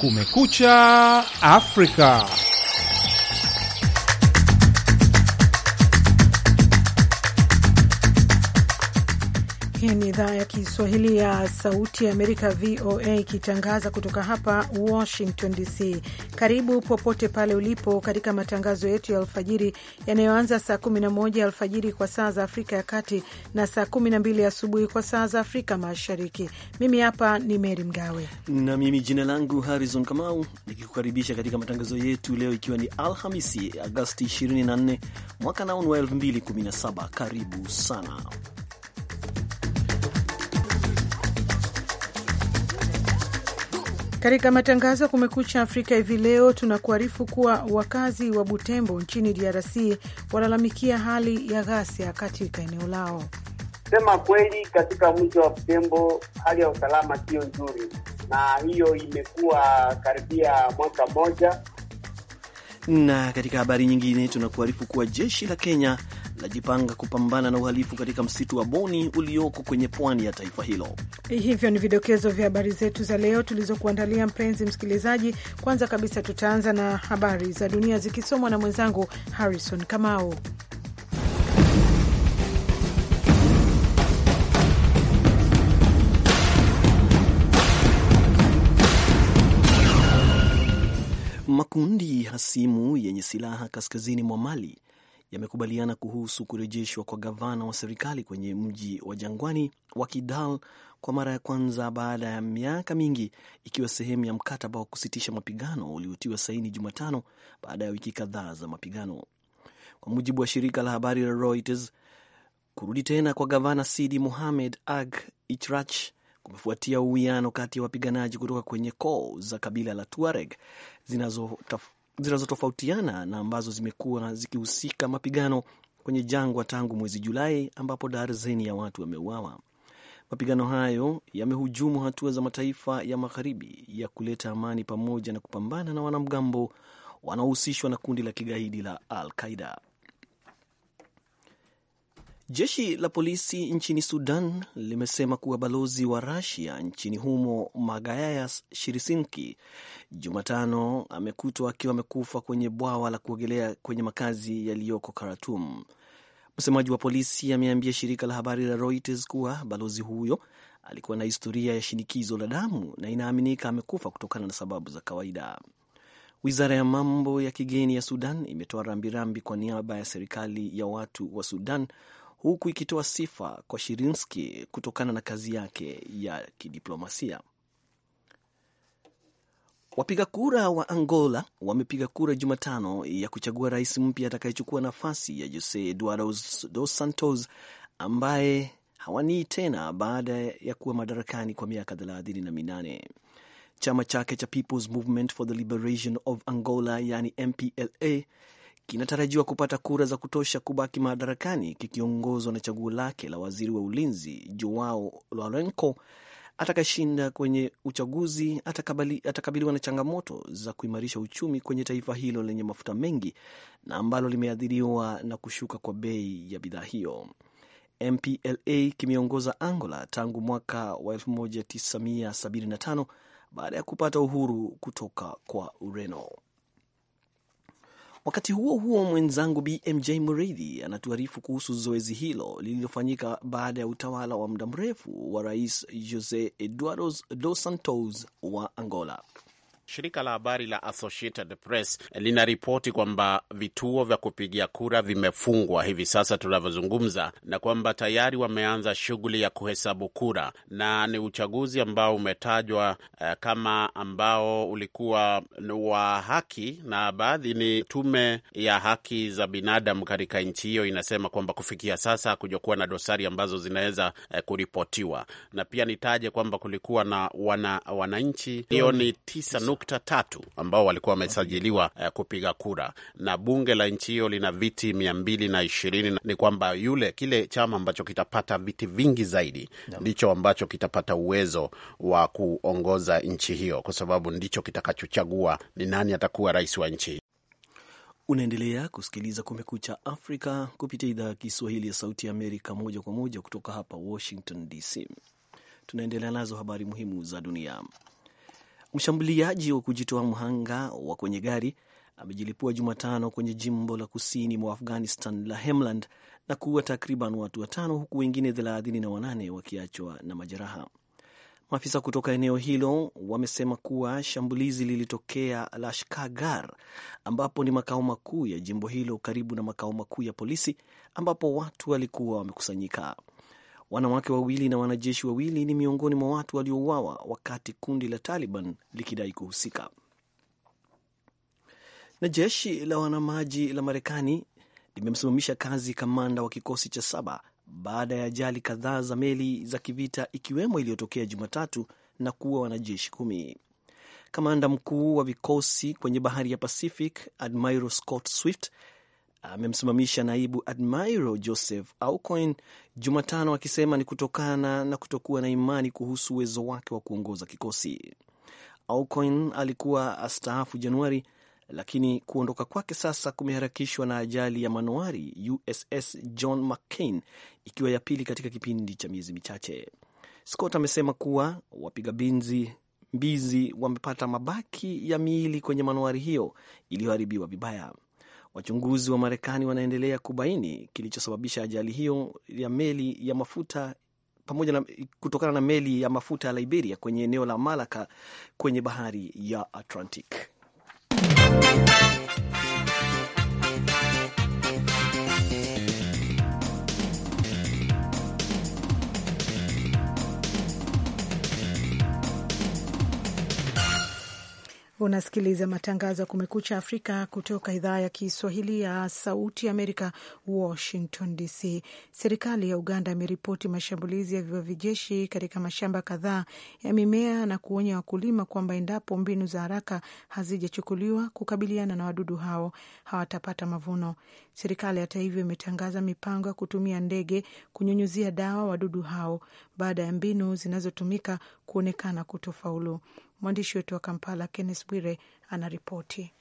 Kumekucha Afrika. Hii ni idhaa ya Kiswahili ya Sauti ya Amerika, VOA, ikitangaza kutoka hapa Washington DC. Karibu popote pale ulipo katika matangazo yetu ya alfajiri yanayoanza saa 11 alfajiri kwa saa za Afrika ya Kati na saa 12 asubuhi kwa saa za Afrika Mashariki. Mimi hapa ni Meri Mgawe na mimi jina langu Harrison Kamau, nikikukaribisha katika matangazo yetu leo, ikiwa ni Alhamisi Agosti 24 mwaka naunu wa 2017. Karibu sana Katika matangazo ya Kumekucha Afrika hivi leo, tunakuarifu kuwa wakazi wa Butembo nchini DRC walalamikia hali ya ghasia katika eneo lao. Sema kweli, katika mji wa Butembo hali ya usalama siyo nzuri, na hiyo imekuwa karibia mwaka mmoja. Na katika habari nyingine, tunakuarifu kuwa jeshi la Kenya linajipanga kupambana na uhalifu katika msitu wa Boni ulioko kwenye pwani ya taifa hilo. Hivyo ni vidokezo vya habari zetu za leo tulizokuandalia, mpenzi msikilizaji. Kwanza kabisa, tutaanza na habari za dunia zikisomwa na mwenzangu Harrison Kamau. Makundi hasimu yenye silaha kaskazini mwa Mali yamekubaliana kuhusu kurejeshwa kwa gavana wa serikali kwenye mji wa jangwani wa Kidal kwa mara ya kwanza baada ya miaka mingi, ikiwa sehemu ya mkataba wa kusitisha mapigano uliotiwa saini Jumatano baada ya wiki kadhaa za mapigano, kwa mujibu wa shirika la habari la Reuters. Kurudi tena kwa gavana Sidi Muhamed Ag Ichrach kumefuatia uwiano kati ya wapiganaji kutoka kwenye koo za kabila la Tuareg zinazo zinazotofautiana na ambazo zimekuwa zikihusika mapigano kwenye jangwa tangu mwezi Julai, ambapo darzeni ya watu wameuawa. Mapigano hayo yamehujumu hatua za mataifa ya magharibi ya kuleta amani pamoja na kupambana na wanamgambo wanaohusishwa na kundi la kigaidi la Al Qaida. Jeshi la polisi nchini Sudan limesema kuwa balozi wa Rusia nchini humo Magayas Shirisinki Jumatano amekutwa akiwa amekufa kwenye bwawa la kuogelea kwenye makazi yaliyoko Karatum. Msemaji wa polisi ameambia shirika la habari la Reuters kuwa balozi huyo alikuwa na historia ya shinikizo la damu na inaaminika amekufa kutokana na sababu za kawaida. Wizara ya mambo ya kigeni ya Sudan imetoa rambirambi kwa niaba ya serikali ya watu wa Sudan huku ikitoa sifa kwa Shirinski kutokana na kazi yake ya kidiplomasia. Wapiga kura wa Angola wamepiga kura Jumatano ya kuchagua rais mpya atakayechukua nafasi ya Jose Eduardo dos Santos ambaye hawanii tena baada ya kuwa madarakani kwa miaka thelathini na minane. Chama chake cha People's Movement for the Liberation of Angola, yani MPLA kinatarajiwa kupata kura za kutosha kubaki madarakani kikiongozwa na chaguo lake la waziri wa ulinzi Joao Lourenco atakashinda kwenye uchaguzi atakabiliwa na changamoto za kuimarisha uchumi kwenye taifa hilo lenye mafuta mengi na ambalo limeathiriwa na kushuka kwa bei ya bidhaa hiyo. MPLA kimeongoza Angola tangu mwaka wa 1975 baada ya kupata uhuru kutoka kwa Ureno. Wakati huo huo, mwenzangu BMJ Murithi anatuarifu kuhusu zoezi hilo lililofanyika baada ya utawala wa muda mrefu wa Rais Jose Eduardo dos Santos wa Angola. Shirika la habari la Associated Press linaripoti kwamba vituo vya kupigia kura vimefungwa hivi sasa tunavyozungumza, na kwamba tayari wameanza shughuli ya kuhesabu kura, na ni uchaguzi ambao umetajwa uh, kama ambao ulikuwa wa haki, na baadhi ni tume ya haki za binadamu katika nchi hiyo inasema kwamba kufikia sasa hakujakuwa na dosari ambazo zinaweza uh, kuripotiwa. Na pia nitaje kwamba kulikuwa na wananchi wana milioni tisa nukta tatu ambao walikuwa wamesajiliwa uh, kupiga kura, na bunge la nchi hiyo lina viti mia mbili na ishirini. Ni kwamba yule kile chama ambacho kitapata viti vingi zaidi ndicho ambacho kitapata uwezo wa kuongoza nchi hiyo, kwa sababu ndicho kitakachochagua ni nani atakuwa rais wa nchi Unaendelea kusikiliza Kumekucha Afrika kupitia idhaa ya Kiswahili ya Sauti ya Amerika, moja kwa moja kutoka hapa Washington DC. Tunaendelea nazo habari muhimu za dunia. Mshambuliaji wa kujitoa mhanga wa kwenye gari amejilipua Jumatano kwenye jimbo la kusini mwa Afghanistan la hemland na kuua takriban watu watano huku wengine na wanane wakiachwa na majeraha. Maafisa kutoka eneo hilo wamesema kuwa shambulizi lilitokea Lashkargah, ambapo ni makao makuu ya jimbo hilo karibu na makao makuu ya polisi ambapo watu walikuwa wamekusanyika. Wanawake wawili na wanajeshi wawili ni miongoni mwa watu waliouawa wakati kundi la Taliban likidai kuhusika. Na jeshi la wanamaji la Marekani limemsimamisha kazi kamanda wa kikosi cha saba baada ya ajali kadhaa za meli za kivita ikiwemo iliyotokea Jumatatu na kuua wanajeshi kumi. Kamanda mkuu wa vikosi kwenye bahari ya Pacific Admiral Scott Swift amemsimamisha naibu admiral Joseph Aucoin Jumatano akisema ni kutokana na kutokuwa na imani kuhusu uwezo wake wa kuongoza kikosi. Aucoin alikuwa astaafu Januari, lakini kuondoka kwake sasa kumeharakishwa na ajali ya manowari USS John McCain, ikiwa ya pili katika kipindi cha miezi michache. Scott amesema kuwa wapiga binzi mbizi wamepata mabaki ya miili kwenye manowari hiyo iliyoharibiwa vibaya. Wachunguzi wa Marekani wanaendelea kubaini kilichosababisha ajali hiyo ya meli ya mafuta pamoja na kutokana na meli ya mafuta ya Liberia kwenye eneo la Malaka kwenye bahari ya Atlantic. Unasikiliza matangazo ya Kumekucha Afrika kutoka idhaa ya Kiswahili ya Sauti Amerika, Washington DC. Serikali ya Uganda imeripoti mashambulizi ya viwavi vijeshi katika mashamba kadhaa ya mimea na kuonya wakulima kwamba endapo mbinu za haraka hazijachukuliwa kukabiliana na wadudu hao hawatapata mavuno. Serikali hata hivyo imetangaza mipango ya kutumia ndege kunyunyuzia dawa wadudu hao baada ya mbinu zinazotumika kuonekana kutofaulu. Mwandishi wetu wa Kampala, kennes Bwire, anaripoti.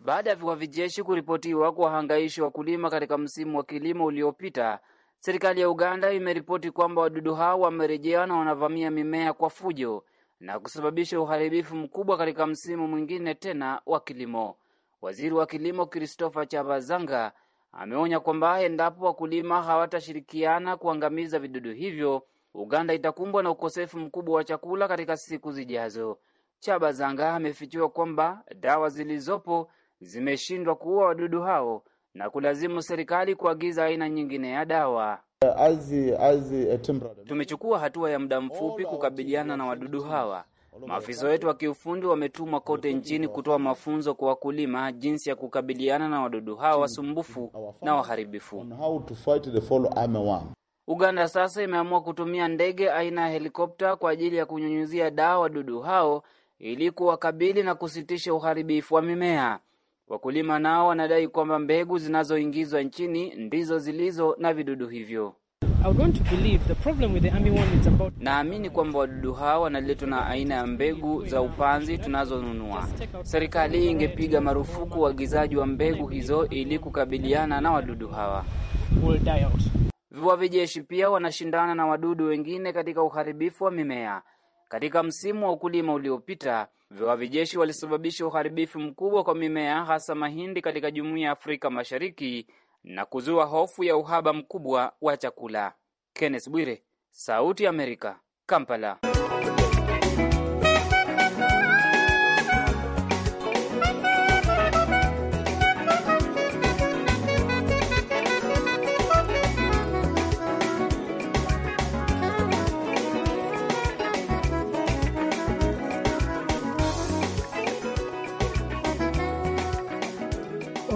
Baada ya vikwa vijeshi kuripotiwa kuwahangaisha wakulima katika msimu wa kilimo uliopita, serikali ya Uganda imeripoti kwamba wadudu hao wamerejea na wanavamia mimea kwa fujo na kusababisha uharibifu mkubwa katika msimu mwingine tena wa kilimo. Waziri wa kilimo Christopher Chabazanga ameonya kwamba endapo wakulima hawatashirikiana kuangamiza vidudu hivyo, Uganda itakumbwa na ukosefu mkubwa wa chakula katika siku zijazo. Chabazanga amefichua kwamba dawa zilizopo zimeshindwa kuua wadudu hao na kulazimu serikali kuagiza aina nyingine ya dawa. Eh, Tumechukua hatua ya muda mfupi kukabiliana na wadudu hawa. Maafisa wetu wa kiufundi wametumwa kote nchini kutoa mafunzo kwa wakulima jinsi ya kukabiliana na wadudu hawa wasumbufu na waharibifu. Uganda sasa imeamua kutumia ndege aina ya helikopta kwa ajili ya kunyunyuzia dawa wadudu hao ili kuwakabili na kusitisha uharibifu wa mimea. Wakulima nao wanadai kwamba mbegu zinazoingizwa nchini ndizo zilizo na vidudu hivyo. naamini kwamba wadudu hawa wanaletwa na aina ya mbegu za upanzi tunazonunua. Serikali ingepiga marufuku uagizaji wa mbegu hizo ili kukabiliana na wadudu hawa. Viwavi jeshi pia wanashindana na wadudu wengine katika uharibifu wa mimea. Katika msimu wa ukulima uliopita, viwavijeshi walisababisha uharibifu mkubwa kwa mimea hasa mahindi katika Jumuiya ya Afrika Mashariki na kuzua hofu ya uhaba mkubwa wa chakula. Kenneth Bwire, Sauti ya Amerika, Kampala.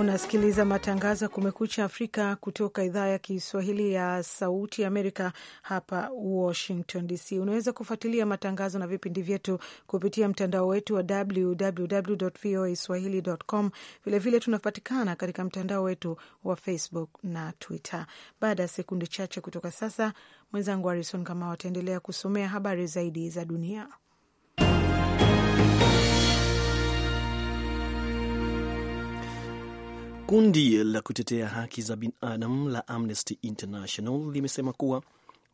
Unasikiliza matangazo ya Kumekucha Afrika kutoka idhaa ya Kiswahili ya Sauti Amerika hapa Washington DC. Unaweza kufuatilia matangazo na vipindi vyetu kupitia mtandao wetu wa www voa swahili.com. Vilevile tunapatikana katika mtandao wetu wa Facebook na Twitter. Baada ya sekunde chache kutoka sasa, mwenzangu Harison Kamau ataendelea kusomea habari zaidi za dunia. Kundi la kutetea haki za binadamu la Amnesty International limesema kuwa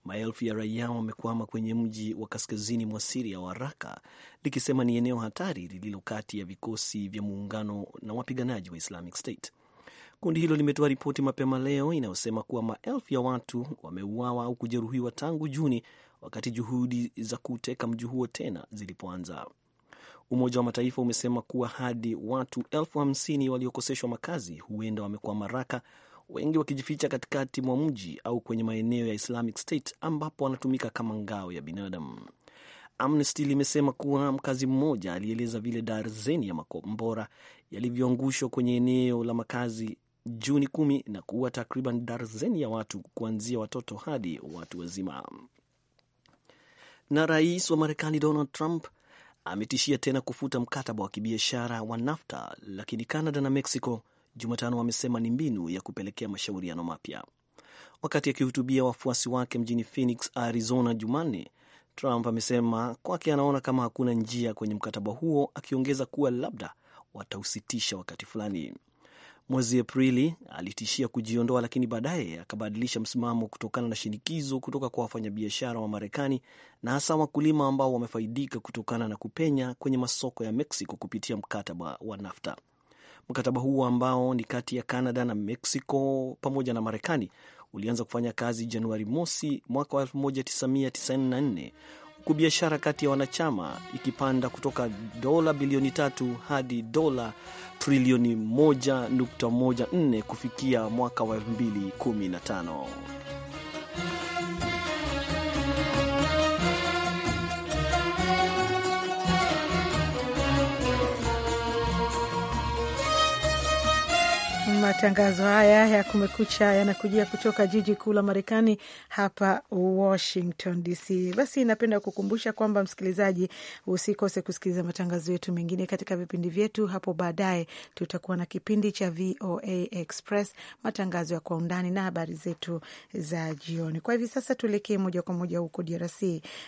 maelfu ya raia wamekwama kwenye mji wa kaskazini mwa Siria wa Raka, likisema ni eneo hatari lililo kati ya vikosi vya muungano na wapiganaji wa Islamic State. Kundi hilo limetoa ripoti mapema leo inayosema kuwa maelfu ya watu wameuawa au kujeruhiwa tangu Juni, wakati juhudi za kuuteka mji huo tena zilipoanza. Umoja wa Mataifa umesema kuwa hadi watu elfu hamsini waliokoseshwa makazi huenda wamekuwa maraka, wengi wakijificha katikati mwa mji au kwenye maeneo ya Islamic State ambapo wanatumika kama ngao ya binadamu. Amnesty limesema kuwa mkazi mmoja alieleza vile darzeni ya makombora yalivyoangushwa kwenye eneo la makazi Juni kumi na kuua takriban darzeni ya watu kuanzia watoto hadi watu wazima. Na rais wa Marekani Donald Trump ametishia tena kufuta mkataba wa kibiashara wa NAFTA, lakini Canada na Mexico Jumatano wamesema ni mbinu ya kupelekea mashauriano mapya. Wakati akihutubia wafuasi wake mjini Phoenix, Arizona Jumanne, Trump amesema kwake anaona kama hakuna njia kwenye mkataba huo, akiongeza kuwa labda watausitisha wakati fulani. Mwezi Aprili alitishia kujiondoa, lakini baadaye akabadilisha msimamo kutokana na shinikizo kutoka kwa wafanyabiashara wa Marekani na hasa wakulima ambao wamefaidika kutokana na kupenya kwenye masoko ya Mexico kupitia mkataba wa NAFTA. Mkataba huo ambao ni kati ya Canada na Mexico pamoja na Marekani ulianza kufanya kazi Januari mosi mwaka 1994 huku biashara kati ya wanachama ikipanda kutoka dola bilioni tatu hadi dola trilioni 1.14 kufikia mwaka wa 2015. Matangazo haya ya Kumekucha yanakujia kutoka jiji kuu la Marekani, hapa Washington DC. Basi napenda kukumbusha kwamba msikilizaji, usikose kusikiliza matangazo yetu mengine katika vipindi vyetu. Hapo baadaye tutakuwa na kipindi cha VOA Express, matangazo ya kwa undani na habari zetu za jioni. Kwa hivi sasa, tuelekee moja kwa moja huko DRC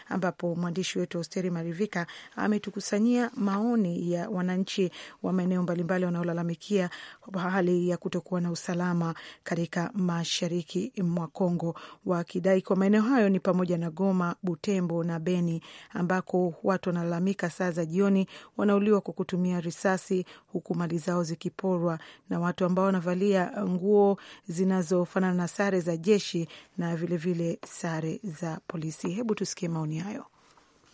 ambapo mwandishi wetu Austeri Marivika ametukusanyia maoni ya wananchi wa maeneo mbalimbali wanaolalamikia hali ya kutokuwa na usalama katika mashariki mwa Kongo, wakidai kwa maeneo hayo ni pamoja na Goma, Butembo na Beni, ambako watu wanalalamika saa za jioni wanauliwa kwa kutumia risasi, huku mali zao zikiporwa na watu ambao wanavalia nguo zinazofanana na sare za jeshi na vilevile vile sare za polisi. Hebu tusikie maoni hayo.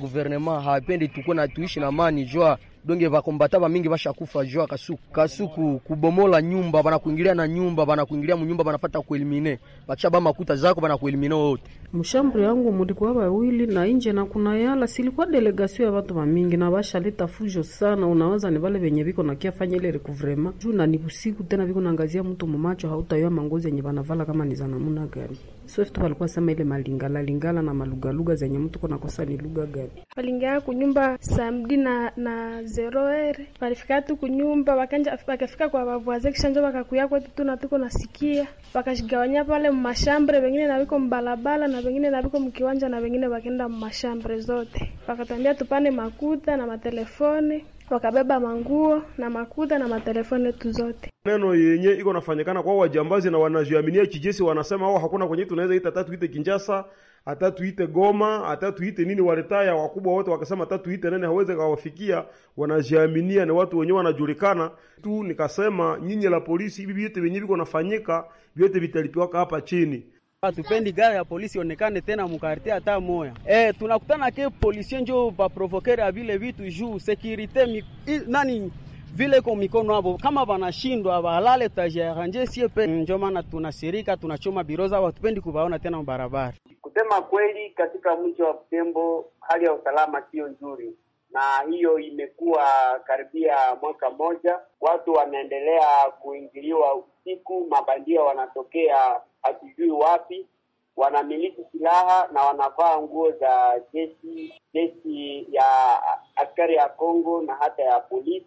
Guvernema hapendi tuko na tuishi na mani jua donge vakombata vamingi vashakufa jua kasuku kasuku kubomola nyumba bana kuingilia na nyumba bana vanakuingilia munyumba vanapata kuelimine vakishaba makuta zako bana vanakuelimine wote. Mshambri yangu mulikuwa wawili na inje na kuna yala silikuwa delegasio ya watu vamingi na vashaleta fujo sana. Unawaza ni vale venye viko na kia fanya ile recouvrement juu na ni usiku tena viko naangazia mtu mumacho, hautayoa mangozi yenye vanavala kama ni za namuna gani. Swift walikuwa sema ile malingala lingala na malugaluga zenye mtu konakosa ni lugha gani. Walingala kunyumba samdi na na zeroere walifika tu kunyumba wakanja wakafika kwa wavuaze kishanjo wakakuya kwetu tu na tuko nasikia wakashigawanya pale mmashambre wengine na wiko mbalabala na wengine na wiko mkiwanja na wengine wakenda mmashambre zote wakatambia tupane makuta na matelefoni wakabeba manguo na makuta na matelefoni yetu zote. Neno yenye iko nafanyikana kwa wajambazi na wanajiaminia kijesi, wanasema hao oh, hakuna kwenye tunaweza ita tatu ite Kinjasa hata tuite Goma, hata tuite nini, walitaya wakubwa wote wakasema hata tuite nani hawezi kawafikia, wanajiaminia ni watu wenyewe wanajulikana tu. Nikasema nyinyi la polisi, hivi vyote vyenyewe viko nafanyika vyote vitalipiwaka hapa chini. Hatupendi gari ya polisi onekane tena mukarte hata moya. E, tunakutana ke polisi njo ba provokere vile vitu juu sekirite mi, nani vile ko mikono hapo kama banashindwa balale tajaranje sie pe, njo maana tunasirika tunachoma biroza, hatupendi kubaona tena mbarabara. Kusema kweli, katika mji wa Butembo hali ya usalama sio nzuri, na hiyo imekuwa karibia mwaka mmoja. Watu wanaendelea kuingiliwa usiku, mabandia wanatokea hatujui wapi, wanamiliki silaha na wanavaa nguo za jeshi jeshi ya askari ya Kongo na hata ya polisi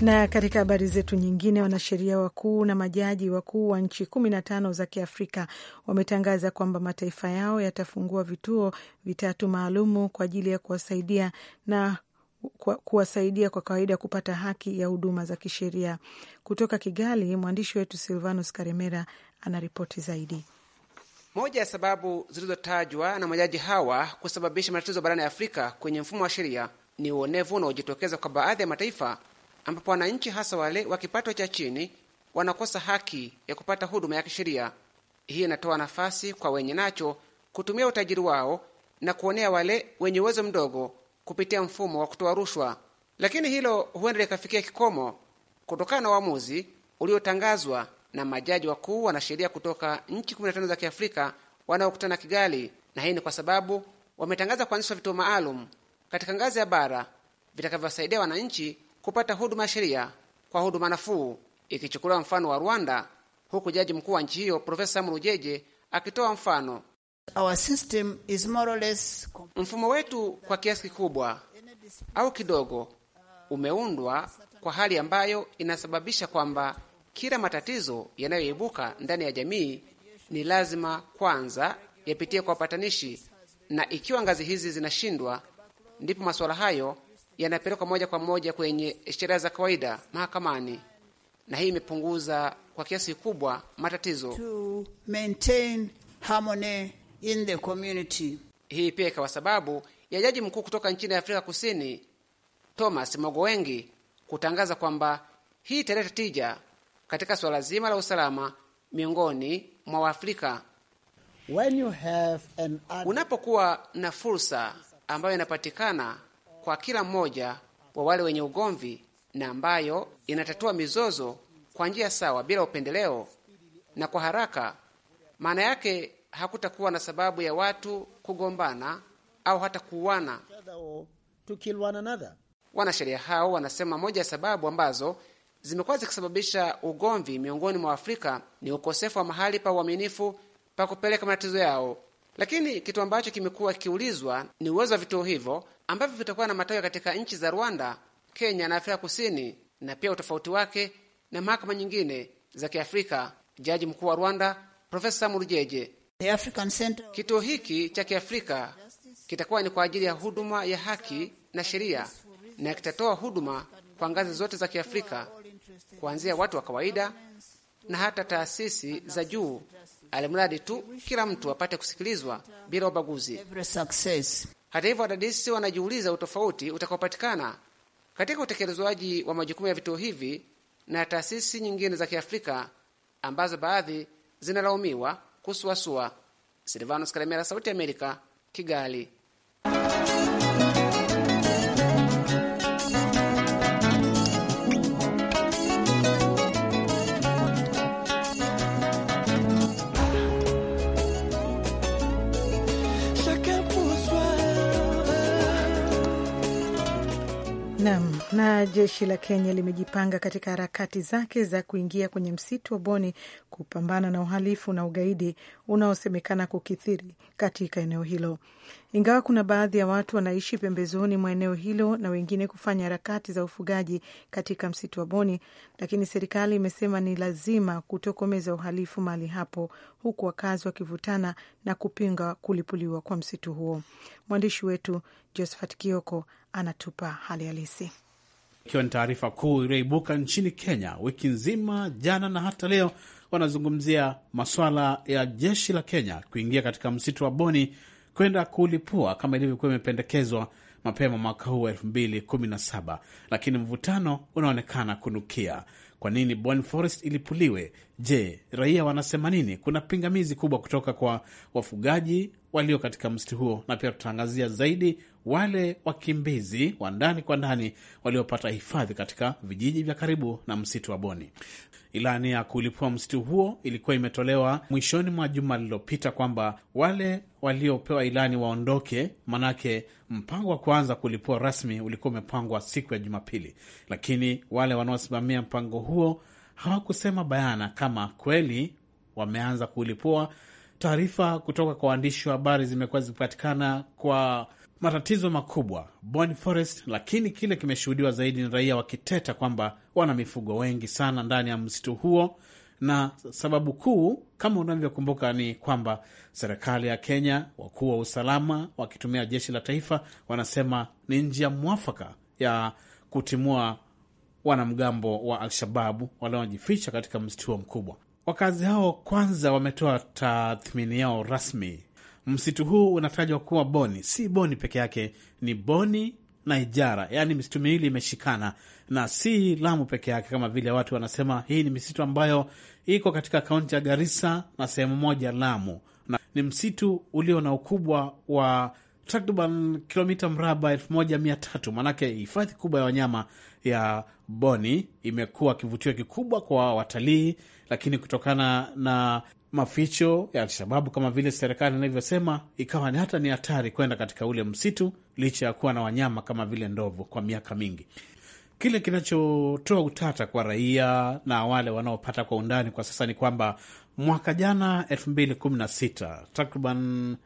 Na katika habari zetu nyingine, wanasheria wakuu na majaji wakuu wa nchi kumi na tano za Kiafrika wametangaza kwamba mataifa yao yatafungua vituo vitatu maalumu kwa ajili ya kuwasaidia na kuwasaidia kwa kawaida kupata haki ya huduma za kisheria. Kutoka Kigali, mwandishi wetu Silvanus Karemera anaripoti zaidi. Moja ya sababu zilizotajwa na majaji hawa kusababisha matatizo barani Afrika kwenye mfumo wa sheria ni uonevu unaojitokeza kwa baadhi ya mataifa ambapo wananchi hasa wale wa kipato cha chini wanakosa haki ya kupata huduma ya kisheria. Hii inatoa nafasi kwa wenye nacho kutumia utajiri wao na kuonea wale wenye uwezo mdogo kupitia mfumo wa kutoa rushwa, lakini hilo huenda likafikia kikomo kutokana na uamuzi uliotangazwa na majaji wakuu wanasheria kutoka nchi 15 za Kiafrika wanaokutana Kigali, na hii ni kwa sababu wametangaza kuanzishwa vituo maalum katika ngazi ya bara vitakavyowasaidia wananchi kupata huduma ya sheria kwa huduma nafuu, ikichukuliwa mfano wa Rwanda, huku jaji mkuu wa nchi hiyo Profesa Sam Rugeje akitoa mfano, Our system is more or less... mfumo wetu kwa kiasi kikubwa au kidogo umeundwa kwa hali ambayo inasababisha kwamba kila matatizo yanayoibuka ndani ya jamii ni lazima kwanza yapitie kwa wapatanishi, na ikiwa ngazi hizi zinashindwa, ndipo masuala hayo yanapelekwa moja kwa moja kwenye sheria za kawaida mahakamani, na hii imepunguza kwa kiasi kikubwa matatizo to maintain harmony in the community. Hii pia ikawa sababu ya jaji mkuu kutoka nchini Afrika Kusini Thomas Mogowengi kutangaza kwamba hii italeta tija katika suala zima la usalama miongoni mwa Waafrika. Unapokuwa na fursa ambayo inapatikana kwa kila mmoja wa wale wenye ugomvi na ambayo inatatua mizozo kwa njia sawa bila upendeleo na kwa haraka. Maana yake hakutakuwa na sababu ya watu kugombana au hata kuuana. Wanasheria hao wanasema moja ya sababu ambazo zimekuwa zikisababisha ugomvi miongoni mwa Afrika ni ukosefu wa mahali pa uaminifu pa kupeleka matatizo yao lakini kitu ambacho kimekuwa kikiulizwa ni uwezo wa vituo hivyo ambavyo vitakuwa na matawi katika nchi za Rwanda, Kenya na Afrika Kusini, na pia utofauti wake na mahakama nyingine za Kiafrika. Jaji mkuu wa Rwanda Profesa Samuel Jeje, kituo hiki cha Kiafrika kitakuwa ni kwa ajili ya huduma ya haki na sheria na kitatoa huduma kwa ngazi zote za Kiafrika, kuanzia watu wa kawaida na hata taasisi za juu alimradi tu kila mtu apate kusikilizwa bila ubaguzi. Hata hivyo, wadadisi wanajiuliza utofauti utakaopatikana katika utekelezwaji wa majukumu ya vituo hivi na taasisi nyingine za Kiafrika ambazo baadhi zinalaumiwa kusuasua. Silvanos Karemera, Sauti ya Amerika, Kigali. Nam na jeshi la Kenya limejipanga katika harakati zake za kuingia kwenye msitu wa Boni kupambana na uhalifu na ugaidi unaosemekana kukithiri katika eneo hilo. Ingawa kuna baadhi ya watu wanaishi pembezoni mwa eneo hilo na wengine kufanya harakati za ufugaji katika msitu wa Boni, lakini serikali imesema ni lazima kutokomeza uhalifu mahali hapo, huku wakazi wakivutana na kupinga kulipuliwa kwa msitu huo. Mwandishi wetu Josephat Kioko anatupa hali halisi. Ikiwa ni taarifa kuu iliyoibuka nchini Kenya wiki nzima jana na hata leo, wanazungumzia maswala ya jeshi la Kenya kuingia katika msitu wa Boni kwenda kulipua kama ilivyokuwa imependekezwa mapema mwaka huu saba, lakini mvutano unaonekana kunukia. Kwa nini Bonny Forest ilipuliwe? Je, raia wanasema nini? Kuna pingamizi kubwa kutoka kwa wafugaji walio katika msitu huo, na pia tutaangazia zaidi wale wakimbizi wa ndani kwa ndani waliopata hifadhi katika vijiji vya karibu na msitu wa Boni. Ilani ya kulipua msitu huo ilikuwa imetolewa mwishoni mwa juma lililopita, kwamba wale waliopewa ilani waondoke, manake mpango wa kuanza kulipua rasmi ulikuwa umepangwa siku ya Jumapili, lakini wale wanaosimamia mpango huo hawakusema bayana kama kweli wameanza kulipua Taarifa kutoka kwa waandishi wa habari zimekuwa zikipatikana kwa matatizo makubwa Boni Forest, lakini kile kimeshuhudiwa zaidi ni raia wakiteta kwamba wana mifugo wengi sana ndani ya msitu huo, na sababu kuu kama unavyokumbuka ni kwamba serikali ya Kenya, wakuu wa usalama wakitumia jeshi la taifa, wanasema ni njia mwafaka ya kutimua wanamgambo wa alshababu walaojificha wanaojificha katika msitu huo mkubwa. Wakazi hao kwanza wametoa tathmini yao rasmi. Msitu huu unatajwa kuwa Boni, si Boni peke yake, ni Boni na Ijara, yaani misitu miwili imeshikana, na si Lamu peke yake kama vile watu wanasema. Hii ni misitu ambayo iko katika kaunti ya Garissa na sehemu moja Lamu, na ni msitu ulio na ukubwa wa takriban kilomita mraba elfu moja mia tatu. manake hifadhi kubwa ya wanyama ya Boni imekuwa kivutio kikubwa kwa watalii lakini kutokana na maficho ya Alshababu kama vile serikali inavyosema, ikawa ni hata ni hatari kwenda katika ule msitu, licha ya kuwa na wanyama kama vile ndovu kwa miaka mingi. Kile kinachotoa utata kwa raia na wale wanaopata kwa undani kwa sasa ni kwamba mwaka jana 2016 takriban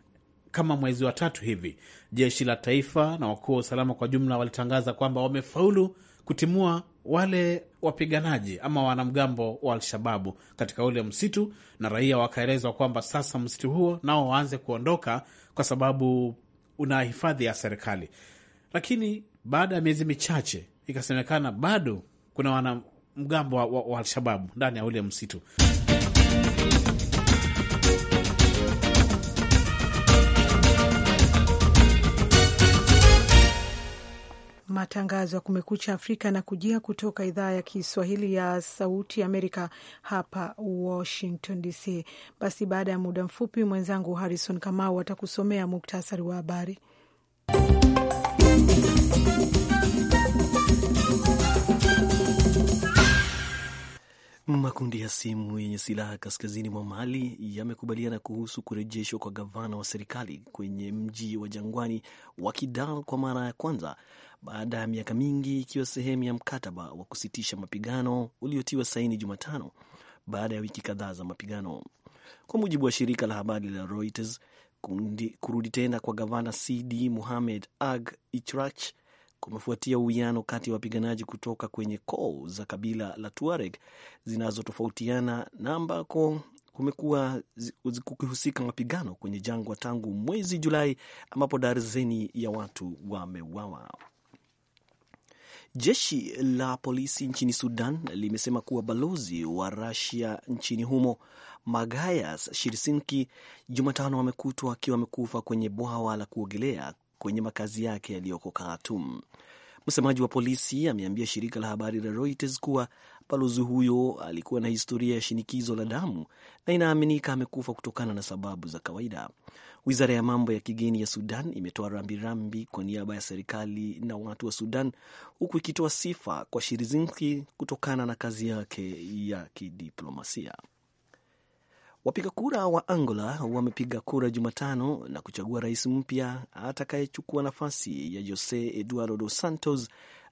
kama mwezi wa tatu hivi, jeshi la taifa na wakuu wa usalama kwa jumla walitangaza kwamba wamefaulu kutimua wale wapiganaji ama wanamgambo wa Alshababu katika ule msitu, na raia wakaelezwa kwamba sasa msitu huo nao waanze kuondoka kwa sababu una hifadhi ya serikali. Lakini baada ya miezi michache ikasemekana bado kuna wanamgambo wa, wa, wa Alshababu ndani ya ule msitu. Matangazo ya Kumekucha Afrika na kujia kutoka idhaa ya Kiswahili ya Sauti Amerika hapa Washington DC. Basi baada ya muda mfupi, mwenzangu Harrison Kamau atakusomea muktasari wa habari. Makundi ya simu yenye silaha kaskazini mwa Mali yamekubaliana kuhusu kurejeshwa kwa gavana wa serikali kwenye mji wa jangwani wa Kidal kwa mara ya kwanza baada ya miaka mingi, ikiwa sehemu ya mkataba wa kusitisha mapigano uliotiwa saini Jumatano baada ya wiki kadhaa za mapigano, kwa mujibu wa shirika la habari la Reuters. Kurudi tena kwa gavana CD Muhamed Ag Itrach kumefuatia uwiano kati ya wapiganaji kutoka kwenye koo za kabila la Tuareg zinazotofautiana na ambako kumekuwa kukihusika mapigano kwenye jangwa tangu mwezi Julai ambapo darzeni ya watu wameuawa. Jeshi la polisi nchini Sudan limesema kuwa balozi wa Rusia nchini humo Magayas Shirsinki Jumatano amekutwa akiwa amekufa kwenye bwawa la kuogelea kwenye makazi yake yaliyoko Khartoum. Msemaji wa polisi ameambia shirika la habari la Reuters kuwa balozi huyo alikuwa na historia ya shinikizo la damu na inaaminika amekufa kutokana na sababu za kawaida. Wizara ya mambo ya kigeni ya Sudan imetoa rambirambi kwa niaba ya serikali na watu wa Sudan, huku ikitoa sifa kwa Shirizinski kutokana na kazi yake ya kidiplomasia. Wapiga kura wa Angola wamepiga kura Jumatano na kuchagua rais mpya atakayechukua nafasi ya Jose Eduardo dos Santos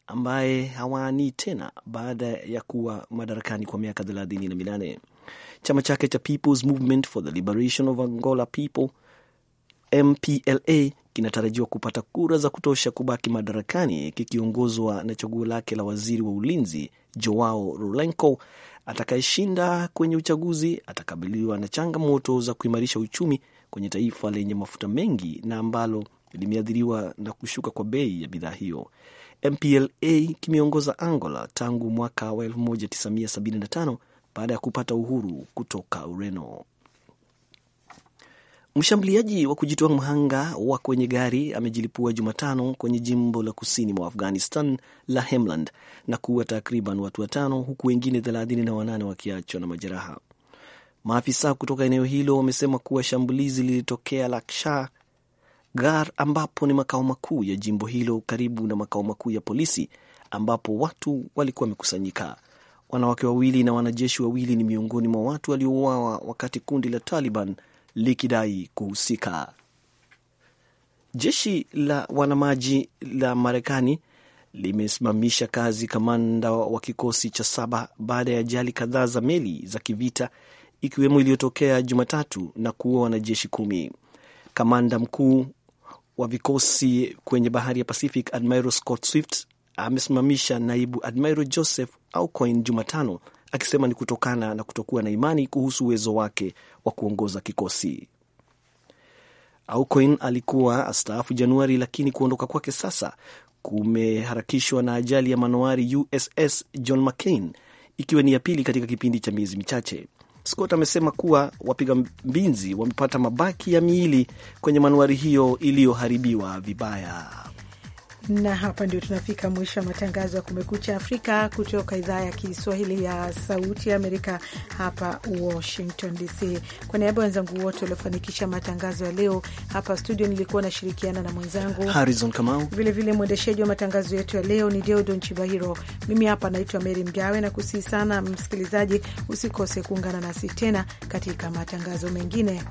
ambaye hawaanii tena baada ya kuwa madarakani kwa miaka thelathini na minane. Chama chake cha People's Movement for the Liberation of Angola People MPLA kinatarajiwa kupata kura za kutosha kubaki madarakani kikiongozwa na chaguo lake la waziri wa ulinzi Joao Lourenco Atakayeshinda kwenye uchaguzi atakabiliwa na changamoto za kuimarisha uchumi kwenye taifa lenye mafuta mengi na ambalo limeathiriwa na kushuka kwa bei ya bidhaa hiyo. MPLA kimeongoza Angola tangu mwaka wa 1975 baada ya kupata uhuru kutoka Ureno. Mshambuliaji wa kujitoa mhanga wa kwenye gari amejilipua Jumatano kwenye jimbo la kusini mwa Afghanistan la Hemland na kuua takriban watu watano huku wengine 38 wakiachwa na majeraha. Maafisa kutoka eneo hilo wamesema kuwa shambulizi lilitokea Laksha Gar, ambapo ni makao makuu ya jimbo hilo karibu na makao makuu ya polisi ambapo watu walikuwa wamekusanyika. Wanawake wawili na wanajeshi wawili ni miongoni mwa watu waliouawa wakati kundi la Taliban likidai kuhusika. Jeshi la wanamaji la Marekani limesimamisha kazi kamanda wa kikosi cha saba baada ya ajali kadhaa za meli za kivita ikiwemo iliyotokea Jumatatu na kuua wanajeshi kumi. Kamanda mkuu wa vikosi kwenye bahari ya Pacific Admiral Scott Swift amesimamisha naibu Admiral Joseph Aucoin Jumatano akisema ni kutokana na kutokuwa na imani kuhusu uwezo wake wa kuongoza kikosi. Aucoin alikuwa astaafu Januari, lakini kuondoka kwake sasa kumeharakishwa na ajali ya manowari USS John McCain, ikiwa ni ya pili katika kipindi cha miezi michache. Scott amesema kuwa wapiga mbinzi wamepata mabaki ya miili kwenye manuari hiyo iliyoharibiwa vibaya. Na hapa ndio tunafika mwisho wa matangazo ya Kumekucha Afrika kutoka idhaa ya Kiswahili ya Sauti ya Amerika hapa Washington DC. Kwa niaba ya wenzangu wote waliofanikisha matangazo ya leo hapa studio, nilikuwa nashirikiana na mwenzangu Harrison Kamau. Vilevile mwendeshaji wa matangazo yetu ya leo ni Deodo Nchibahiro. Mimi hapa naitwa mery Mgawe na kusihi sana msikilizaji, usikose kuungana nasi tena katika matangazo mengine.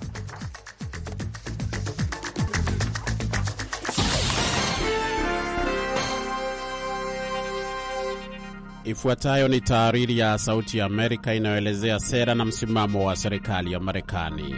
Ifuatayo ni taariri ya Sauti ya Amerika inayoelezea sera na msimamo wa serikali ya Marekani.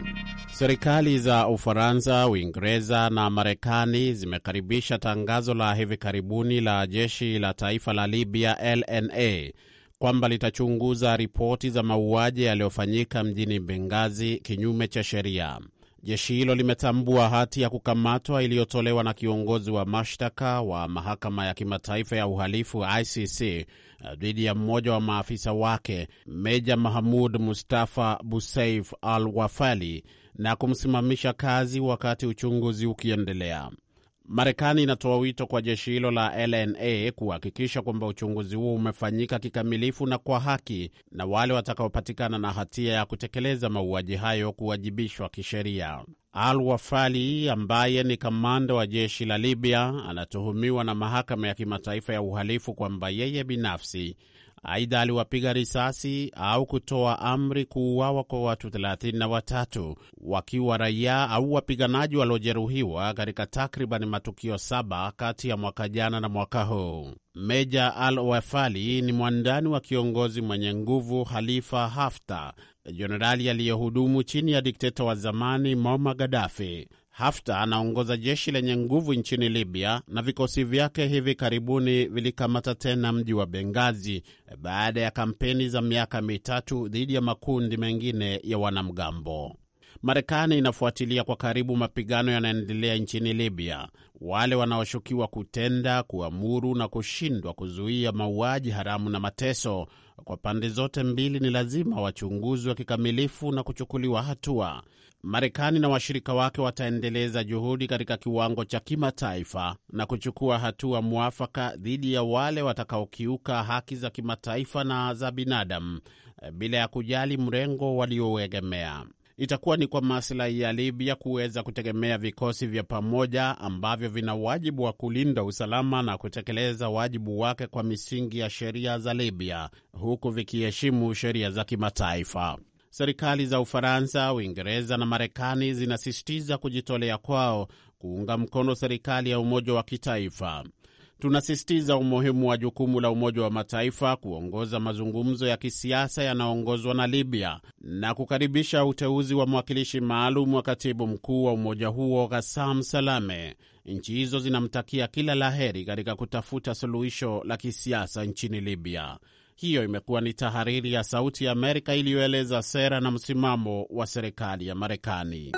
Serikali za Ufaransa, Uingereza na Marekani zimekaribisha tangazo la hivi karibuni la jeshi la taifa la Libya LNA kwamba litachunguza ripoti za mauaji yaliyofanyika mjini Bengazi kinyume cha sheria. Jeshi hilo limetambua hati ya kukamatwa iliyotolewa na kiongozi wa mashtaka wa mahakama ya kimataifa ya uhalifu ICC Eh, dhidi ya mmoja wa maafisa wake Meja Mahamud Mustafa Busaif Al Wafali na kumsimamisha kazi wakati uchunguzi ukiendelea. Marekani inatoa wito kwa jeshi hilo la LNA kuhakikisha kwamba uchunguzi huo umefanyika kikamilifu na kwa haki, na wale watakaopatikana na hatia ya kutekeleza mauaji hayo kuwajibishwa kisheria. Al Wafali ambaye ni kamanda wa jeshi la Libya anatuhumiwa na mahakama ya kimataifa ya uhalifu kwamba yeye binafsi aidha aliwapiga risasi au kutoa amri kuuawa kwa watu watatu wakiwa raia au wapiganaji waliojeruhiwa katika takriban matukio saba kati ya mwaka jana na mwaka huu. Meja Al Wafali ni mwandani wa kiongozi mwenye nguvu Khalifa Haftar jenerali aliyehudumu chini ya dikteta wa zamani moma Gadafi. Haftar anaongoza jeshi lenye nguvu nchini Libya na vikosi vyake hivi karibuni vilikamata tena mji wa Bengazi baada ya kampeni za miaka mitatu dhidi ya makundi mengine ya wanamgambo. Marekani inafuatilia kwa karibu mapigano yanaendelea nchini Libya. Wale wanaoshukiwa kutenda, kuamuru na kushindwa kuzuia mauaji haramu na mateso kwa pande zote mbili ni lazima wachunguzwe kikamilifu na kuchukuliwa hatua. Marekani na washirika wake wataendeleza juhudi katika kiwango cha kimataifa na kuchukua hatua mwafaka dhidi ya wale watakaokiuka haki za kimataifa na za binadamu eh, bila ya kujali mrengo waliouegemea itakuwa ni kwa maslahi ya Libya kuweza kutegemea vikosi vya pamoja ambavyo vina wajibu wa kulinda usalama na kutekeleza wajibu wake kwa misingi ya sheria za Libya, huku vikiheshimu sheria za kimataifa. Serikali za Ufaransa, Uingereza na Marekani zinasisitiza kujitolea kwao kuunga mkono serikali ya umoja wa kitaifa tunasisitiza umuhimu wa jukumu la Umoja wa Mataifa kuongoza mazungumzo ya kisiasa yanayoongozwa na Libya na kukaribisha uteuzi wa mwakilishi maalum wa katibu mkuu wa umoja huo Ghasam Salame. Nchi hizo zinamtakia kila la heri katika kutafuta suluhisho la kisiasa nchini Libya. Hiyo imekuwa ni tahariri ya Sauti ya Amerika iliyoeleza sera na msimamo wa serikali ya Marekani.